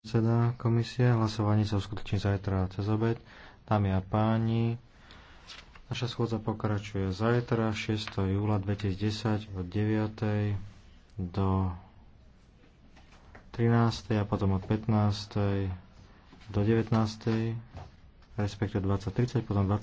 predseda komisie. Hlasovanie sa uskutoční zajtra cez obed. Dámy a páni, naša schôdza pokračuje zajtra 6. júla 2010 od 9. do 13. a potom od 15. do 19. respektive 20.30, potom 20.